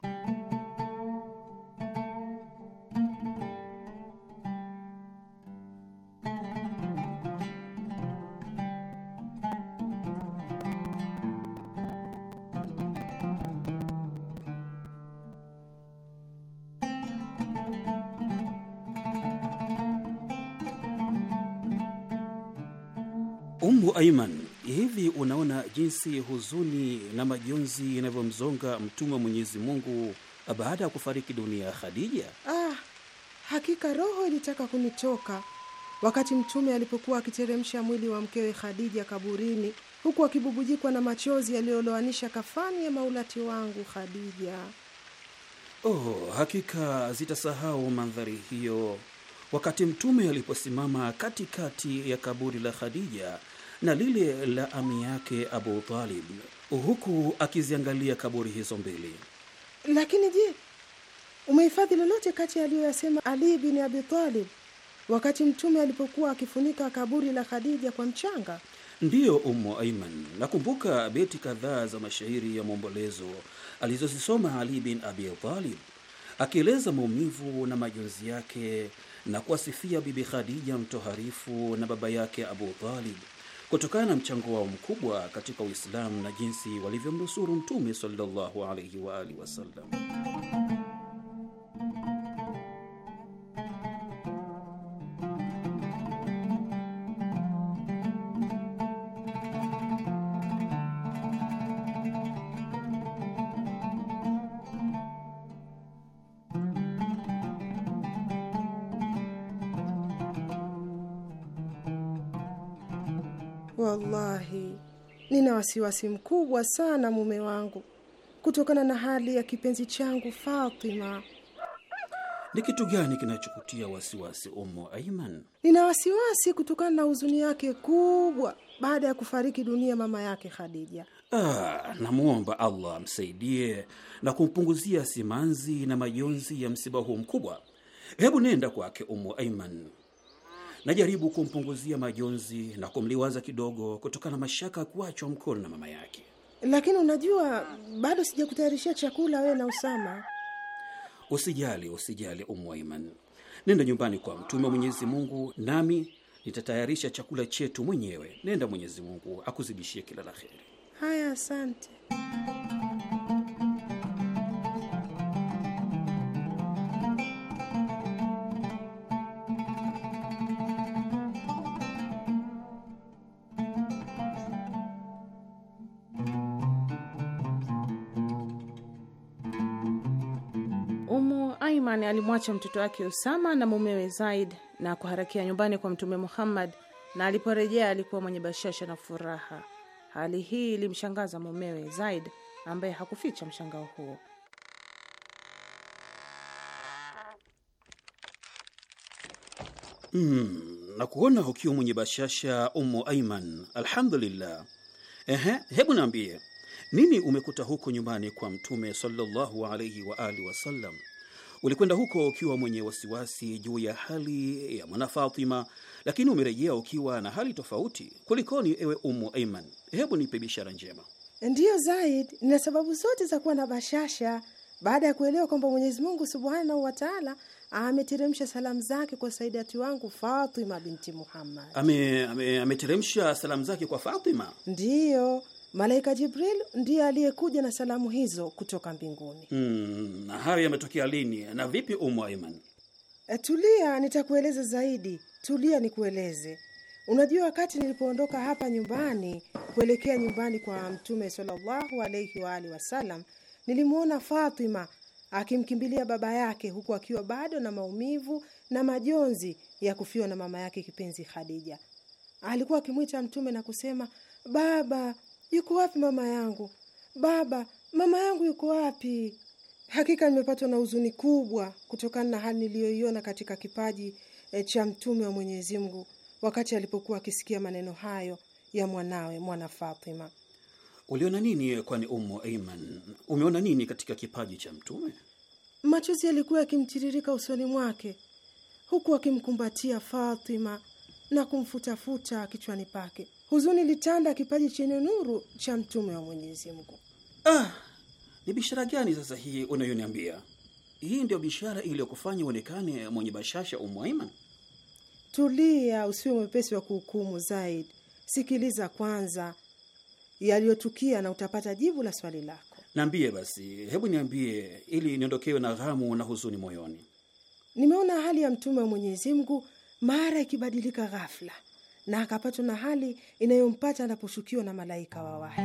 Aiman, hivi unaona jinsi huzuni na majonzi yanavyomzonga mtume Mwenyezi Mungu baada ya kufariki dunia ya Khadija? Ah, hakika roho ilitaka kunitoka wakati mtume alipokuwa akiteremsha mwili wa mkewe Khadija kaburini, huku akibubujikwa na machozi yaliyoloanisha kafani ya maulati wangu Khadija. Oh, hakika zitasahau mandhari hiyo wakati mtume aliposimama katikati ya kaburi la Khadija na lile la ami yake Abu Talib, huku akiziangalia kaburi hizo mbili. Lakini je, umehifadhi lolote kati aliyoyasema Ali bin Abi Talib wakati Mtume alipokuwa akifunika kaburi la Khadija kwa mchanga? Ndiyo, Ummu Aiman, nakumbuka beti kadhaa za mashairi ya maombolezo alizozisoma Ali bin Abi Talib akieleza maumivu na majonzi yake na kuwasifia Bibi Khadija mtoharifu na baba yake Abu Talib kutokana na mchango wao mkubwa katika Uislamu na jinsi walivyomnusuru Mtume sallallahu alaihi waalihi wasallam. wallahi, nina wasiwasi mkubwa sana mume wangu, kutokana na hali ya kipenzi changu Fatima. Ni kitu gani kinachokutia wasiwasi Ummu Aiman? Nina wasiwasi kutokana na huzuni yake kubwa baada ya kufariki dunia mama yake Khadija. Ah, namwomba Allah amsaidie na kumpunguzia simanzi na majonzi ya msiba huu mkubwa. Hebu nenda kwake Ummu Aiman. Najaribu kumpunguzia majonzi na kumliwaza kidogo, kutokana na mashaka ya kuachwa mkono na mama yake. Lakini unajua, bado sijakutayarishia chakula wewe na Usama. Usijali, usijali Umu Aiman, nenda nyumbani kwa mtume wa Mwenyezi Mungu, nami nitatayarisha chakula chetu mwenyewe. Nenda, Mwenyezi Mungu akuzidishie kila la heri. Haya, asante. alimwacha mtoto wake Usama na mumewe Zaid na kuharakia nyumbani kwa Mtume Muhammad, na aliporejea alikuwa mwenye bashasha na furaha. Hali hii ilimshangaza mumewe Zaid ambaye hakuficha mshangao huo. Hmm, na kuona ukiwa mwenye bashasha Ummu Aiman, alhamdulillah. Ehe, hebu niambie nini umekuta huko nyumbani kwa Mtume sallallahu alaihi wa alihi wasallam? Ulikwenda huko ukiwa mwenye wasiwasi juu ya hali ya mwana Fatima, lakini umerejea ukiwa na hali tofauti. Kulikoni ewe Umu Aiman? Hebu nipe bishara njema. Ndiyo Zaid, nina sababu zote za kuwa na bashasha baada ya kuelewa kwamba Mwenyezi Mungu subhanahu wataala ameteremsha salamu zake kwa saidati wangu Fatima binti Muhammad. Ame, ame, ameteremsha salamu zake kwa Fatima, ndiyo Malaika Jibril ndiye aliyekuja na salamu hizo kutoka mbinguni. Hmm, na hayo yametokea lini na vipi, Umu Aiman? Eh, tulia, nitakueleza zaidi. Tulia nikueleze. Unajua, wakati nilipoondoka hapa nyumbani kuelekea nyumbani kwa Mtume sallallahu alaihi wa alihi wasallam, nilimwona Fatima akimkimbilia baba yake huku akiwa bado na maumivu na majonzi ya kufiwa na mama yake kipenzi Khadija. Alikuwa akimwita Mtume na kusema, baba yuko wapi mama yangu? Baba, mama yangu yuko wapi? Hakika nimepatwa na huzuni kubwa kutokana na hali niliyoiona katika kipaji e, cha mtume wa Mwenyezi Mungu wakati alipokuwa akisikia maneno hayo ya mwanawe mwana Fatima. Uliona nini kwani umu Aiman? Umeona nini katika kipaji cha mtume? Machozi yalikuwa yakimtiririka usoni mwake huku akimkumbatia Fatima na kumfutafuta kichwani pake. Huzuni litanda kipaji chenye nuru cha mtume wa Mwenyezi Mungu. Ah, ni bishara gani sasa hii unayoniambia? Hii ndio bishara iliyokufanya uonekane mwenye bashasha umwaiman? Tulia, usiwe mwepesi wa kuhukumu Zaid. Sikiliza kwanza yaliyotukia na utapata jibu la swali lako. Niambie basi, hebu niambie ili niondokewe na ghamu na huzuni moyoni. Nimeona hali ya mtume wa Mwenyezi Mungu mara ikibadilika ghafla na akapatwa na hali inayompata anaposhukiwa na malaika wa wahi.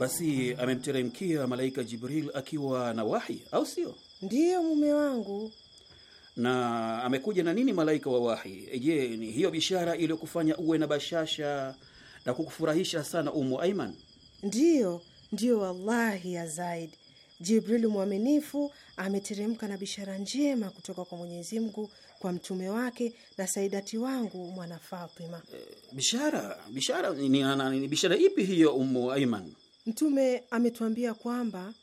Basi amemteremkia malaika Jibril akiwa na wahi, au sio? Ndiyo mume wangu. Na amekuja na nini malaika wa wahi? Je, ni hiyo bishara iliyokufanya uwe na bashasha na kukufurahisha sana Umu Aiman? Ndiyo, ndiyo, wallahi ya Zaid. Jibrili mwaminifu ameteremka na bishara njema kutoka kwa Mwenyezi Mungu kwa mtume wake na saidati wangu mwana Fatima. E, bishara bishara ni, ni, ni bishara ipi hiyo Umu Aiman? Mtume ametuambia kwamba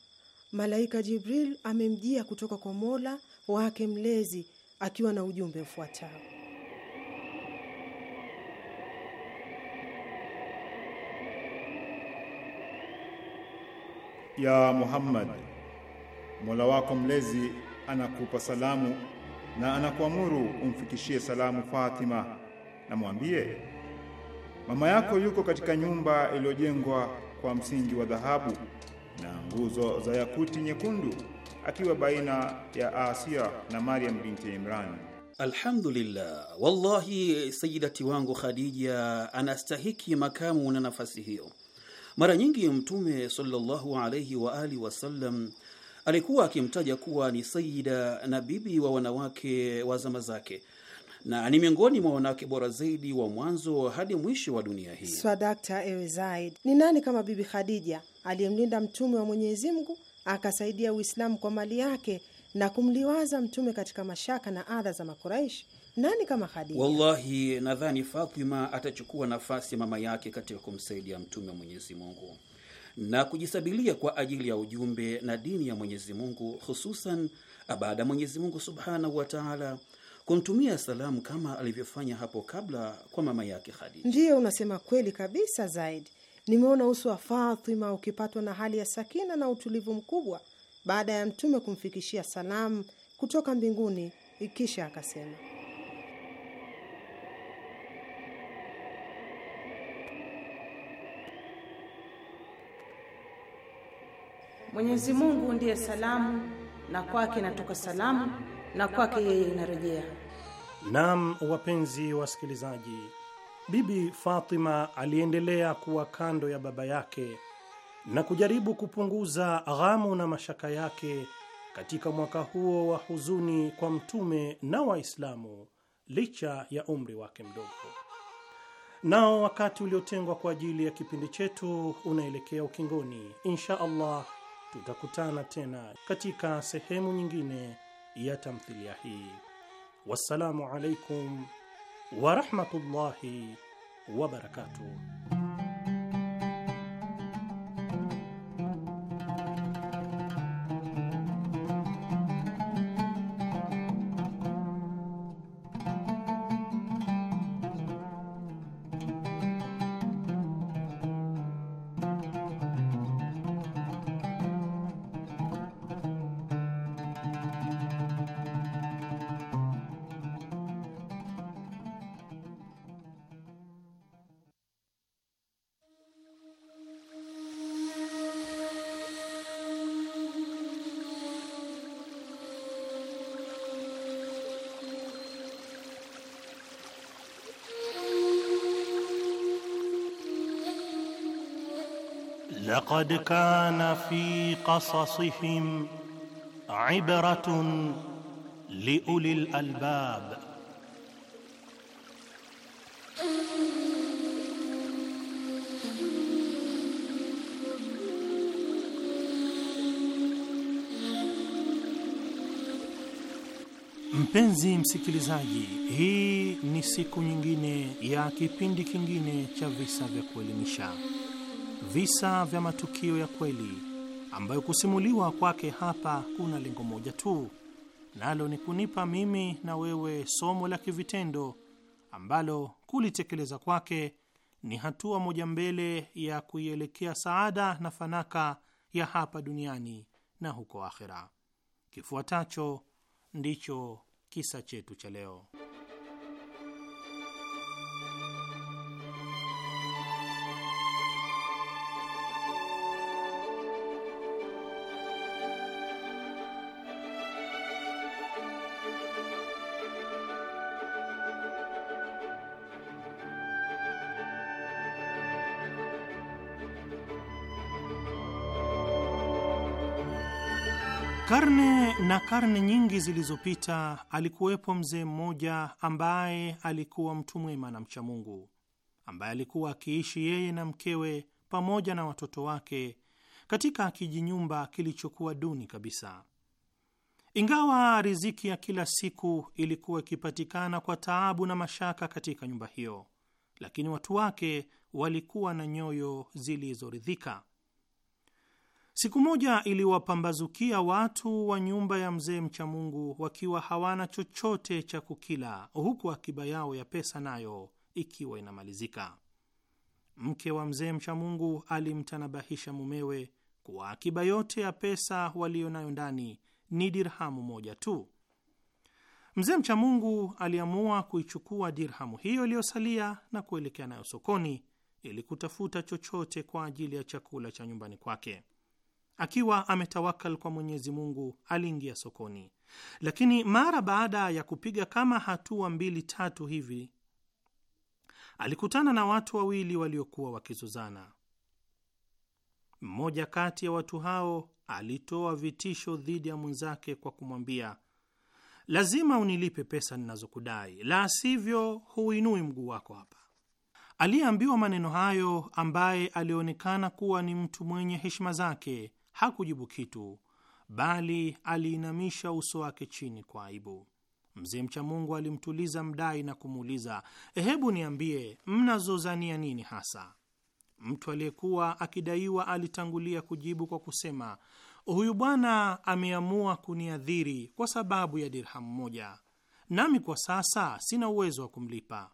malaika Jibril amemjia kutoka kwa Mola wake mlezi akiwa na ujumbe ufuatao Ya Muhammad, Mola wako mlezi anakupa salamu na anakuamuru umfikishie salamu Fatima, na mwambie mama yako yuko katika nyumba iliyojengwa kwa msingi wa dhahabu na nguzo za yakuti nyekundu, akiwa baina ya Asia na Maryam binti Imran. Alhamdulillah, wallahi sayyidati wangu Khadija anastahiki makamu na nafasi hiyo mara nyingi Mtume sallallahu alaihi wa ali wasallam alikuwa akimtaja kuwa ni sayida na bibi wa wanawake wa zama zake na ni miongoni mwa wanawake bora zaidi wa mwanzo hadi mwisho wa dunia hii. Swadakta Ewezaid, ni nani kama Bibi Khadija aliyemlinda Mtume wa Mwenyezi Mungu, akasaidia Uislamu kwa mali yake na kumliwaza Mtume katika mashaka na adha za Makuraishi? nani kama Khadija? Wallahi, nadhani Fatima atachukua nafasi ya mama yake katika kumsaidia mtume wa Mwenyezi Mungu na kujisabilia kwa ajili ya ujumbe na dini ya Mwenyezi Mungu, hususan baada ya Mwenyezi Mungu subhanahu wa taala kumtumia salamu kama alivyofanya hapo kabla kwa mama yake Khadija. Ndiyo, unasema kweli kabisa. Zaidi nimeona uso wa Fatima ukipatwa na hali ya sakina na utulivu mkubwa baada ya mtume kumfikishia salamu kutoka mbinguni, kisha akasema Mwenyezi Mungu ndiye salamu, na kwake inatoka salamu, na kwake yeye inarejea. Naam, wapenzi wasikilizaji, Bibi Fatima aliendelea kuwa kando ya baba yake na kujaribu kupunguza ghamu na mashaka yake katika mwaka huo wa huzuni kwa Mtume na Waislamu licha ya umri wake mdogo. Nao wakati uliotengwa kwa ajili ya kipindi chetu unaelekea ukingoni, insha Allah tutakutana tena katika sehemu nyingine ya tamthilia hii. Wassalamu alaikum warahmatullahi wabarakatuh. قد كان في قصصهم عبرة لأولي الألباب Mpenzi msikilizaji, hii ni siku nyingine ya kipindi kingine cha visa vya kuelimisha visa vya matukio ya kweli ambayo kusimuliwa kwake hapa kuna lengo moja tu, nalo ni kunipa mimi na wewe somo la kivitendo ambalo kulitekeleza kwake ni hatua moja mbele ya kuielekea saada na fanaka ya hapa duniani na huko akhera. Kifuatacho ndicho kisa chetu cha leo. Karne na karne nyingi zilizopita alikuwepo mzee mmoja ambaye alikuwa mtu mwema na mcha Mungu, ambaye alikuwa akiishi yeye na mkewe pamoja na watoto wake katika kijinyumba kilichokuwa duni kabisa. Ingawa riziki ya kila siku ilikuwa ikipatikana kwa taabu na mashaka katika nyumba hiyo, lakini watu wake walikuwa na nyoyo zilizoridhika. Siku moja iliwapambazukia watu wa nyumba ya mzee mchamungu wakiwa hawana chochote cha kukila, huku akiba yao ya pesa nayo ikiwa inamalizika. Mke wa mzee mchamungu alimtanabahisha mumewe kuwa akiba yote ya pesa waliyo nayo ndani ni dirhamu moja tu. Mzee mchamungu aliamua kuichukua dirhamu hiyo iliyosalia na kuelekea nayo sokoni ili kutafuta chochote kwa ajili ya chakula cha nyumbani kwake. Akiwa ametawakal kwa Mwenyezi Mungu, aliingia sokoni, lakini mara baada ya kupiga kama hatua mbili tatu hivi alikutana na watu wawili waliokuwa wakizozana. Mmoja kati ya watu hao alitoa vitisho dhidi ya mwenzake kwa kumwambia, lazima unilipe pesa ninazokudai, la sivyo huinui mguu wako hapa. Aliyeambiwa maneno hayo, ambaye alionekana kuwa ni mtu mwenye heshima zake, Hakujibu kitu, bali aliinamisha uso wake chini kwa aibu. Mzee mcha Mungu alimtuliza mdai na kumuuliza, hebu niambie, mnazozania nini hasa? Mtu aliyekuwa akidaiwa alitangulia kujibu kwa kusema, huyu bwana ameamua kuniadhiri kwa sababu ya dirhamu moja, nami kwa sasa sina uwezo wa kumlipa.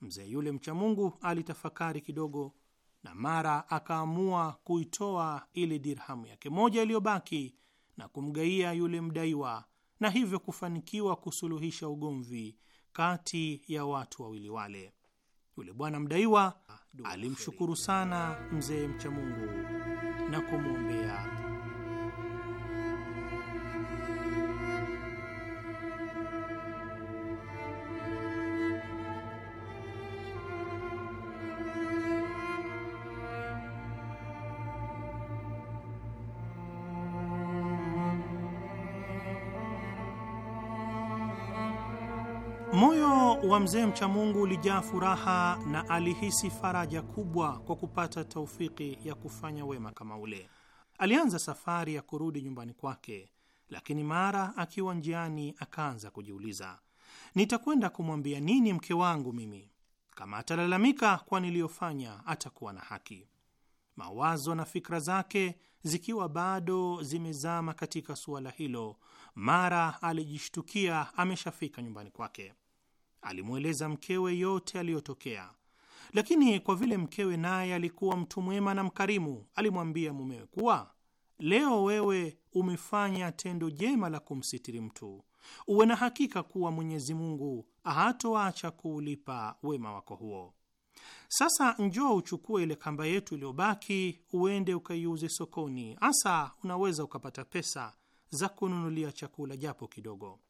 Mzee yule mcha Mungu alitafakari kidogo, na mara akaamua kuitoa ile dirhamu yake moja iliyobaki na kumgaia yule mdaiwa, na hivyo kufanikiwa kusuluhisha ugomvi kati ya watu wawili wale. Yule bwana mdaiwa alimshukuru sana mzee mcha Mungu na kumwombea wa mzee mcha Mungu ulijaa furaha na alihisi faraja kubwa kwa kupata taufiki ya kufanya wema kama ule. Alianza safari ya kurudi nyumbani kwake, lakini mara akiwa njiani akaanza kujiuliza, nitakwenda kumwambia nini mke wangu mimi? Kama atalalamika kwa niliyofanya, atakuwa na haki. Mawazo na fikra zake zikiwa bado zimezama katika suala hilo, mara alijishtukia ameshafika nyumbani kwake alimweleza mkewe yote aliyotokea, lakini kwa vile mkewe naye alikuwa mtu mwema na mkarimu, alimwambia mumewe kuwa leo wewe umefanya tendo jema la kumsitiri mtu, uwe na hakika kuwa Mwenyezi Mungu hatoacha kuulipa wema wako huo. Sasa njoo uchukue ile kamba yetu iliyobaki, uende ukaiuze sokoni, hasa unaweza ukapata pesa za kununulia chakula japo kidogo.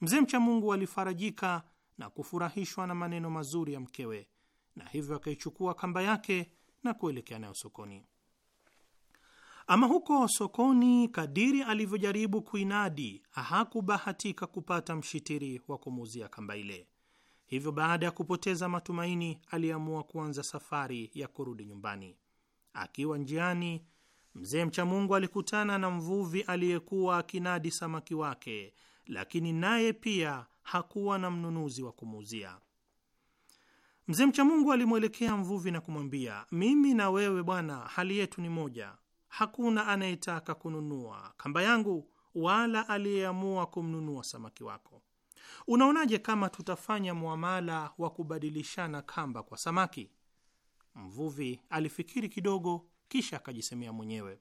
Mzee mcha Mungu alifarajika na kufurahishwa na maneno mazuri ya mkewe, na hivyo akaichukua kamba yake na kuelekea nayo sokoni. Ama huko sokoni, kadiri alivyojaribu kuinadi, hakubahatika kupata mshitiri wa kumuuzia kamba ile. Hivyo baada ya kupoteza matumaini, aliamua kuanza safari ya kurudi nyumbani. Akiwa njiani, mzee mchamungu alikutana na mvuvi aliyekuwa akinadi samaki wake, lakini naye pia hakuwa na mnunuzi wa kumuuzia. Mzee mchamungu alimwelekea mvuvi na kumwambia, mimi na wewe bwana, hali yetu ni moja, hakuna anayetaka kununua kamba yangu wala aliyeamua kumnunua samaki wako. Unaonaje kama tutafanya mwamala wa kubadilishana kamba kwa samaki? Mvuvi alifikiri kidogo, kisha akajisemea mwenyewe,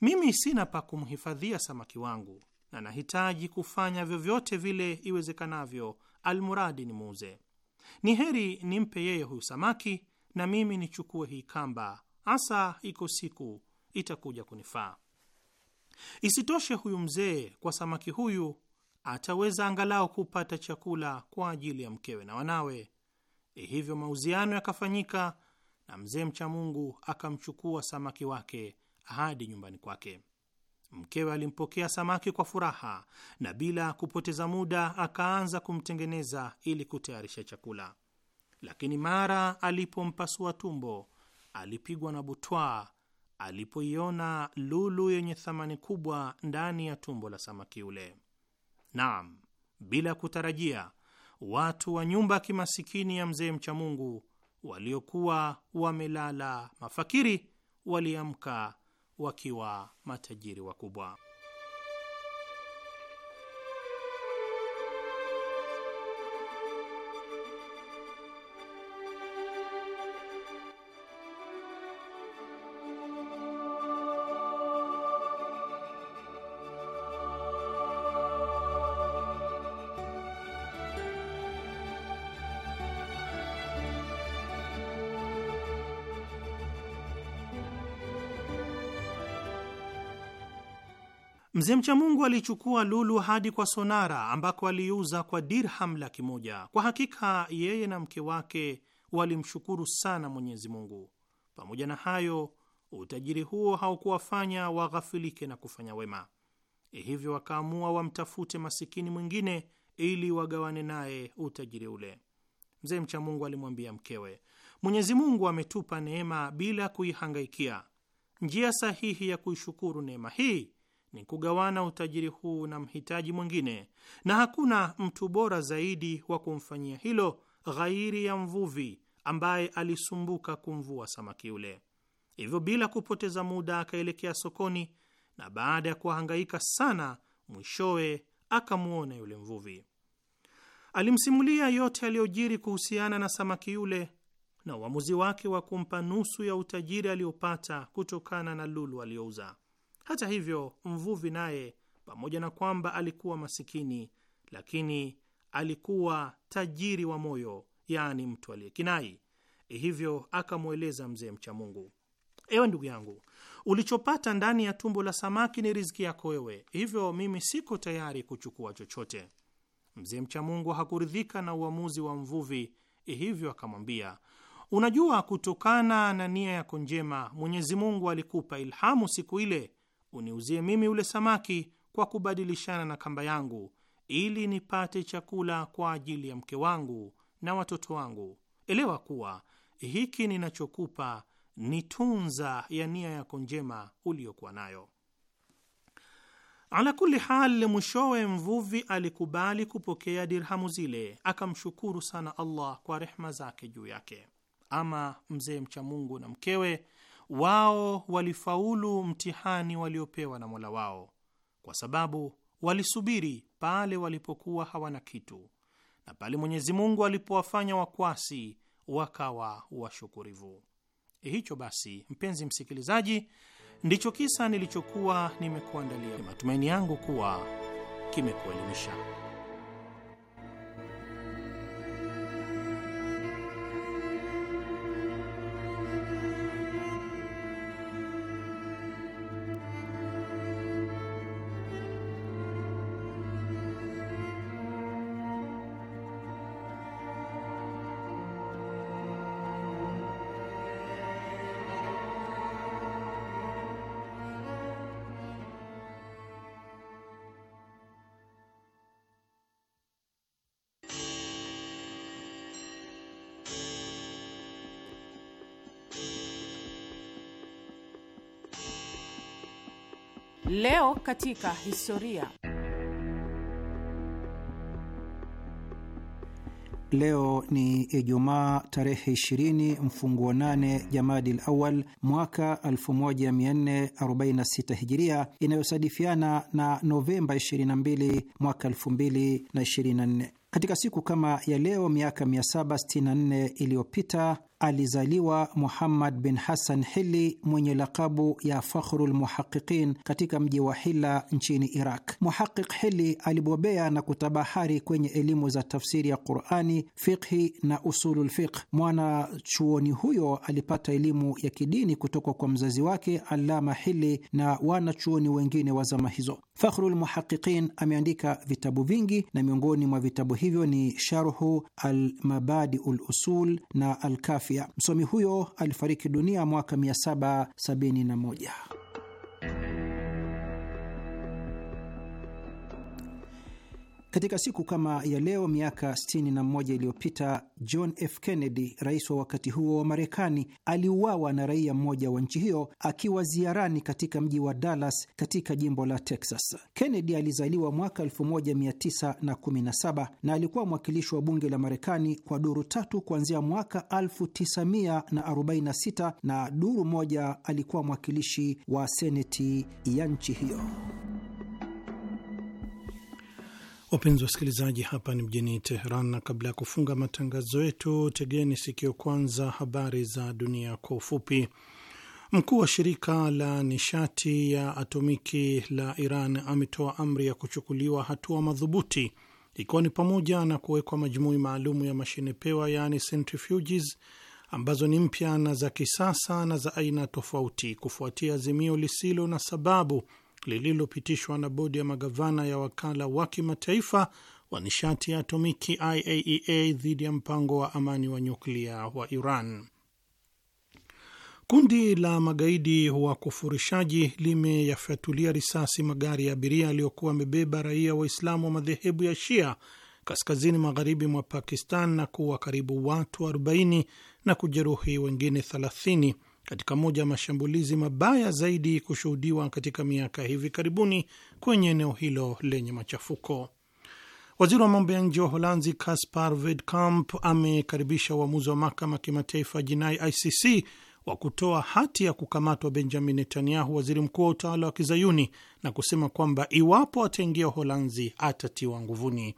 mimi sina pa kumhifadhia samaki wangu, na nahitaji kufanya vyovyote vile iwezekanavyo, almuradi nimuuze. Ni heri nimpe yeye huyu samaki na mimi nichukue hii kamba, asa iko siku itakuja kunifaa. Isitoshe, huyu mzee kwa samaki huyu ataweza angalau kupata chakula kwa ajili ya mkewe na wanawe. E, hivyo mauziano yakafanyika na mzee mcha Mungu akamchukua samaki wake hadi nyumbani kwake. Mkewe alimpokea samaki kwa furaha na bila kupoteza muda akaanza kumtengeneza ili kutayarisha chakula, lakini mara alipompasua tumbo alipigwa na butwa alipoiona lulu yenye thamani kubwa ndani ya tumbo la samaki ule Naam, bila kutarajia, watu wa nyumba kimasikini ya mzee mcha Mungu waliokuwa wamelala mafakiri waliamka wakiwa matajiri wakubwa. Mzee mcha Mungu alichukua lulu hadi kwa Sonara ambako aliiuza kwa dirham laki moja. Kwa hakika yeye na mke wake walimshukuru sana Mwenyezi Mungu. Pamoja na hayo, utajiri huo haukuwafanya waghafilike na kufanya wema, e, hivyo wakaamua wamtafute masikini mwingine ili wagawane naye utajiri ule. Mzee mcha Mungu alimwambia mkewe, Mwenyezi Mungu ametupa neema bila kuihangaikia. Njia sahihi ya kuishukuru neema hii ni kugawana utajiri huu na mhitaji mwingine, na hakuna mtu bora zaidi wa kumfanyia hilo ghairi ya mvuvi ambaye alisumbuka kumvua samaki yule. Hivyo bila kupoteza muda akaelekea sokoni, na baada ya kuhangaika sana, mwishowe akamwona yule mvuvi. Alimsimulia yote aliyojiri kuhusiana na samaki yule na uamuzi wake wa kumpa nusu ya utajiri aliyopata kutokana na lulu aliyouza. Hata hivyo, mvuvi naye, pamoja na kwamba alikuwa masikini, lakini alikuwa tajiri wa moyo, yaani mtu aliyekinai. E, hivyo akamweleza mzee mcha Mungu, ewe ndugu yangu, ulichopata ndani ya tumbo la samaki ni riziki yako wewe, hivyo mimi siko tayari kuchukua chochote. Mzee mcha Mungu hakuridhika na uamuzi wa mvuvi, e, hivyo akamwambia, unajua, kutokana na nia yako njema Mwenyezi Mungu alikupa ilhamu siku ile uniuzie mimi ule samaki kwa kubadilishana na kamba yangu, ili nipate chakula kwa ajili ya mke wangu na watoto wangu. Elewa kuwa hiki ninachokupa ni tunza ya nia yako njema uliyokuwa nayo. Ala kuli hal, mwishowe mvuvi alikubali kupokea dirhamu zile, akamshukuru sana Allah kwa rehma zake juu yake. Ama mzee mcha Mungu na mkewe wao walifaulu mtihani waliopewa na Mola wao, kwa sababu walisubiri pale walipokuwa hawana kitu, na pale Mwenyezi Mungu alipowafanya wakwasi wakawa washukurivu. Hicho basi, mpenzi msikilizaji, ndicho kisa nilichokuwa nimekuandalia. Matumaini yangu kuwa kimekuelimisha. Leo katika historia. Leo ni Ijumaa tarehe 20 mfunguo 8 Jamadil Awal mwaka 1446 Hijiria, inayosadifiana na Novemba 22 mwaka 2024. Katika siku kama ya leo miaka 764 iliyopita alizaliwa Muhammad bin Hassan Hili mwenye lakabu ya Fakhrul Muhaqiqin katika mji wa Hilla nchini Iraq. Muhaqiq Hili alibobea na kutabahari kwenye elimu za tafsiri ya Qurani, fiqhi na usulul fiqh. Mwana chuoni huyo alipata elimu ya kidini kutoka kwa mzazi wake Allama Hili na wanachuoni wengine wa zama hizo. Fakhrul Muhaqiqin ameandika vitabu vingi na miongoni mwa vitabu hivyo ni Sharhu Almabadiul Usul na Alkafi afya. Msomi huyo alifariki dunia mwaka 771. Katika siku kama ya leo miaka 61 iliyopita John F. Kennedy, rais wa wakati huo wa Marekani, aliuawa na raia mmoja wa nchi hiyo akiwa ziarani katika mji wa Dallas katika jimbo la Texas. Kennedy alizaliwa mwaka 1917 na, na alikuwa mwakilishi wa bunge la Marekani kwa duru tatu kuanzia mwaka 1946 na, na duru moja alikuwa mwakilishi wa seneti ya nchi hiyo. Wapenzi wasikilizaji, hapa ni mjini Teheran, na kabla ya kufunga matangazo yetu, tegeni sikio kwanza habari za dunia kwa ufupi. Mkuu wa shirika la nishati ya atomiki la Iran ametoa amri ya kuchukuliwa hatua madhubuti, ikiwa ni pamoja na kuwekwa majumui maalumu ya mashine pewa, yaani centrifuges, ambazo ni mpya na za kisasa na za aina tofauti, kufuatia azimio lisilo na sababu lililopitishwa na bodi ya magavana ya wakala wa kimataifa wa nishati ya atomiki IAEA e dhidi ya mpango wa amani wa nyuklia wa Iran. Kundi la magaidi wa kufurishaji limeyafyatulia risasi magari ya abiria aliyokuwa amebeba raia Waislamu wa madhehebu ya Shia kaskazini magharibi mwa Pakistan na kuwa karibu watu 40 na kujeruhi wengine 30 katika moja ya mashambulizi mabaya zaidi kushuhudiwa katika miaka hivi karibuni kwenye eneo hilo lenye machafuko. Waziri wa mambo ya nje wa Holanzi Caspar Veldkamp amekaribisha uamuzi wa mahakama kimataifa jinai ICC wa kutoa hati ya kukamatwa Benjamin Netanyahu, waziri mkuu wa utawala wa kizayuni, na kusema kwamba iwapo ataingia Uholanzi atatiwa nguvuni.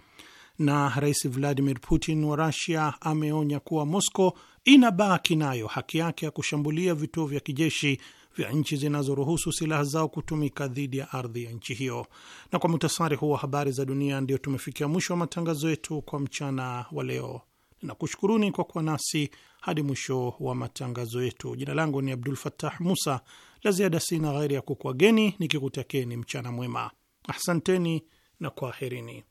Na rais Vladimir Putin wa Rusia ameonya kuwa Moscow inabaki nayo haki yake ya kushambulia vituo vya kijeshi vya nchi zinazoruhusu silaha zao kutumika dhidi ya ardhi ya nchi hiyo. Na kwa mutasari huu wa habari za dunia, ndio tumefikia mwisho wa matangazo yetu kwa mchana wa leo. Ninakushukuruni kwa kuwa nasi hadi mwisho wa matangazo yetu. Jina langu ni Abdul Fattah Musa. La ziada sina ghairi ya kukwageni nikikutakeni mchana mwema. Asanteni na kwaherini.